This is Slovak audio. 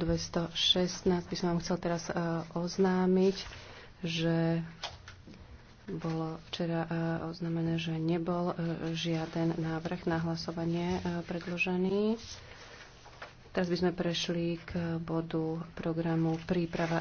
216 by som vám chcel teraz e, oznámiť, že bolo včera e, oznámené, že nebol e, žiaden návrh na hlasovanie predložený. Teraz by sme prešli k bodu programu príprava